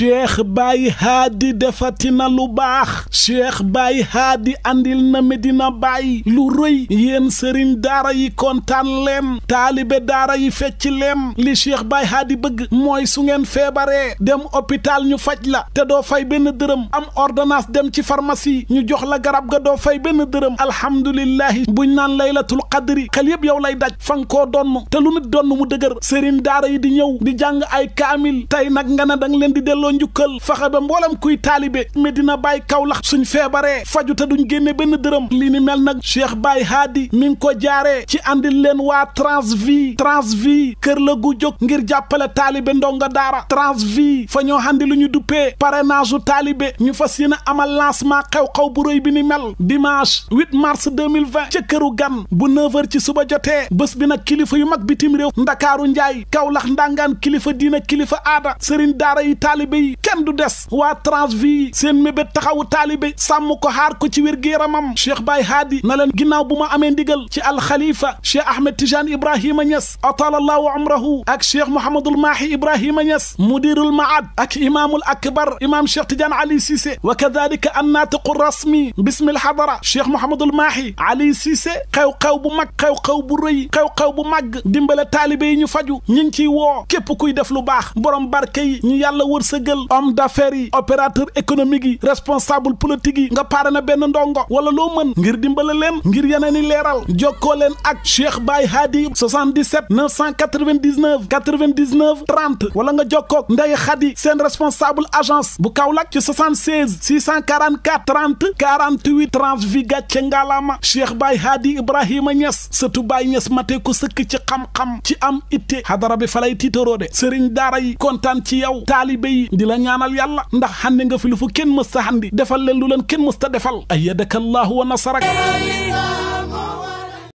cheikh Baye Haadi defati na lu baax cheikh Baye Haadi andil na Medina bàyyi lu rëy yéen sëriñ daara yi kontaan leen taalibe daara yi fecc leen li cheikh Baye Haadi bëgg mooy su ngeen feebaree dem hôpital ñu faj la te doo fay benn dërëm am ordonnance dem ci pharmacie ñu jox la garab ga doo fay benn dërëm alhamdulillahi buñ naan laylatul qadri xel yëpp yow lay daj fan koo donn te lu nit donn mu dëgër sëriñ daara yi di ñëw di jàng ay kaamil tey nag nga delloo njukkal fexe ba mbolam kuy talibé Medina bay Kaolack suñ febaré faju ta duñ génne ben deureum li ni mel nak Cheikh bay Hadi mi ko jaaré ci andil len wa Transvi Transvi kër la gu jóg ngir jàppale talibé ndonga dara Transvi fa ñoo handi luñu duppé parrainage talibé ñu fasiyena amal lancement xew-xew bu reuy bi ni mel dimanche 8 mars 2020 ci këru gam bu 9h ci suba joté bés bi nak kilifa yu mag bitim rew ndakaru njaay Kaolack ndangan kilifa dina kilifa ada serigne dara yi talibé taalibe kenn du dess wa transvie sen mébét taxawu taalibe sam ko har ko ci wer gu cheikh bay hadi nalen ginaaw buma amé ndigal ci al khalifa cheikh Ahmed tijan ibrahim Ibrahima Niass allah umrahu ak cheikh mohammed al Mahi Ibrahima Niass mudirul maad ak imam al akbar imam cheikh tijan Ali Cissé wa an natiq al rasmi bism al hadara cheikh mohammed al Mahi Ali Cissé xew-xew bu mag xew-xew bu reuy xew xew-xew bu mag dimbale taalibe ñu faju ñing ci wo kep kuy def lu bax borom barke yi ñu yàlla wërse dëggal homme d'affaires yi opérateur économique yi responsable politique yi nga pare na benn ndongo wala loo mën ngir dimbale leen ngir yeneen i leeral jokkoo leen ak Cheikh Baye Hadi 77 999 99 30 wala nga jokkoo Ndeye Khady seen responsable agence bu Kaolack ci 76 644 30 48 30 vi gàcce ngalaama Cheikh Baye Hadi Ibrahima Niass sëtu Baye Niass mate ko sëkk ci xam-xam ci am itte hadara bi falay tiitaroo de sëriñ daara yi kontaan ci yow taalibe yi di la ñaanal yàlla ndax xande nga fi lu fu kenn mësta xandi defal leen lu leen kenn mësta defal ayyadaka allah wa nasarak